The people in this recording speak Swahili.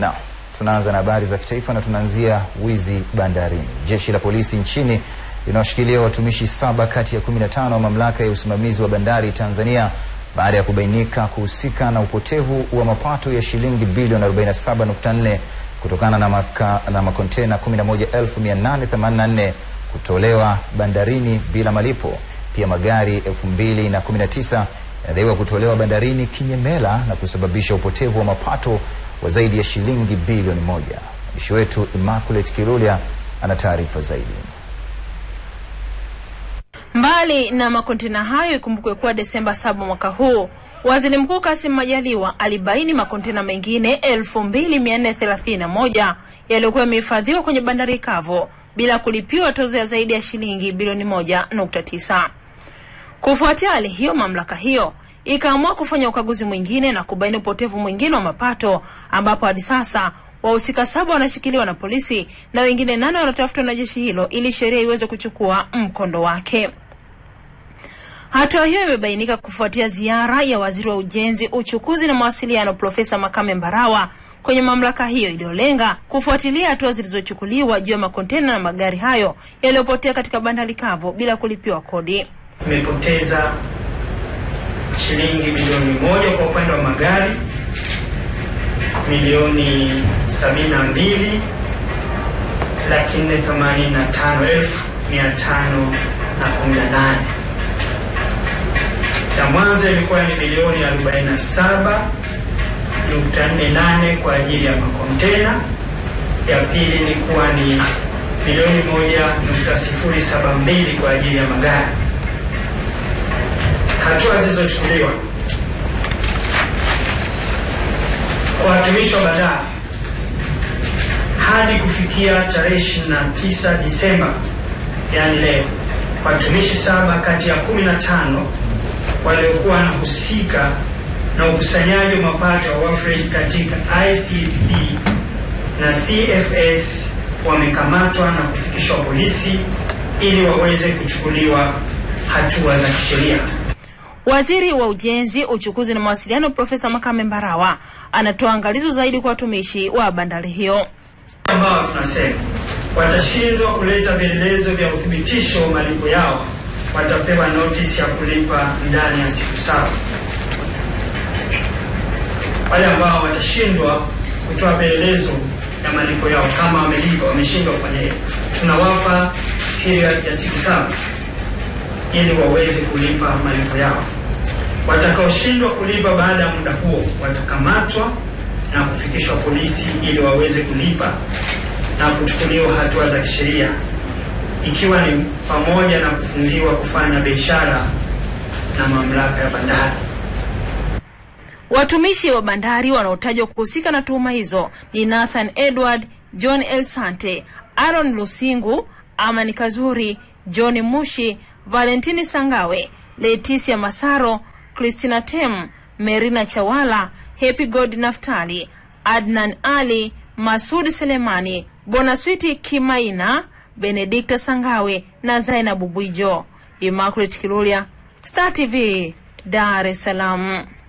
Na tunaanza na habari za kitaifa na tunaanzia wizi bandarini. Jeshi la polisi nchini linawashikilia watumishi saba kati ya 15 wa mamlaka ya usimamizi wa bandari Tanzania baada ya kubainika kuhusika na upotevu wa mapato ya shilingi bilioni 47.4 kutokana na, maka, na makontena 11884 kutolewa bandarini bila malipo. Pia magari 2019 yanadaiwa kutolewa bandarini kinyemela na kusababisha upotevu wa mapato wa zaidi ya shilingi bilioni moja. Mwandishi wetu Immaculate Kirulia ana taarifa zaidi. Mbali na makontena hayo, ikumbukwe kuwa Desemba saba mwaka huu Waziri Mkuu Kassim Majaliwa alibaini makontena mengine 2431 yaliyokuwa yamehifadhiwa kwenye bandari kavu bila kulipiwa tozo ya zaidi ya shilingi bilioni 1.9. Kufuatia hali hiyo, mamlaka hiyo ikaamua kufanya ukaguzi mwingine na kubaini upotevu mwingine wa mapato, ambapo hadi sasa wahusika saba wanashikiliwa na polisi na wengine nane wanatafutwa na jeshi hilo ili sheria iweze kuchukua mkondo wake. Hatua hiyo imebainika kufuatia ziara ya waziri wa ujenzi, uchukuzi na mawasiliano Profesa Makame Mbarawa kwenye mamlaka hiyo iliyolenga kufuatilia hatua zilizochukuliwa juu ya makontena na magari hayo yaliyopotea katika bandari kavu bila kulipiwa kodi. Tumepoteza shilingi bilioni moja kwa upande wa magari, milioni sabini na mbili laki nne themanini na tano elfu mia tano na kumi na nane ya mwanzo ilikuwa ni milioni arobaini na saba nukta nne nane kwa ajili ya makontena. Ya pili ilikuwa ni milioni moja nukta sifuri saba mbili kwa ajili ya magari hatua zilizochukuliwa. Watumishi wa bandari hadi kufikia tarehe 29 Disemba, yani leo, watumishi saba kati ya 15 waliokuwa wanahusika na ukusanyaji wa mapato ya Wafreg katika ICD na CFS wamekamatwa na kufikishwa polisi ili waweze kuchukuliwa hatua za kisheria. Waziri wa Ujenzi, Uchukuzi na Mawasiliano Profesa Makame Mbarawa anatoa angalizo zaidi kwa watumishi wa bandari hiyo ambao tunasema watashindwa kuleta vielelezo vya uthibitisho wa malipo yao watapewa notisi ya kulipa ndani ya siku saba. Wale ambao watashindwa kutoa maelezo ya malipo yao kama wamelipa, wameshindwa kufanya hivyo, tunawapa period ya siku saba ili waweze kulipa malipo yao. Watakaoshindwa kulipa baada ya muda huo watakamatwa na kufikishwa polisi ili waweze kulipa na kuchukuliwa hatua za kisheria, ikiwa ni pamoja na kufungiwa kufanya biashara na mamlaka ya bandari. Watumishi wa bandari wanaotajwa kuhusika na tuhuma hizo ni Nathan Edward, John Elsante, Aaron Lusingu, Amani Kazuri, John Mushi Valentini Sangawe, Leticia Masaro, Christina Tem, Merina Chawala, Happy God Naftali, Adnan Ali, masud Selemani, Bonaswiti Kimaina, Benedikta Sangawe na Zainabu Bwijo. Immaculate Kilulia, Star TV, Dar es Salaam.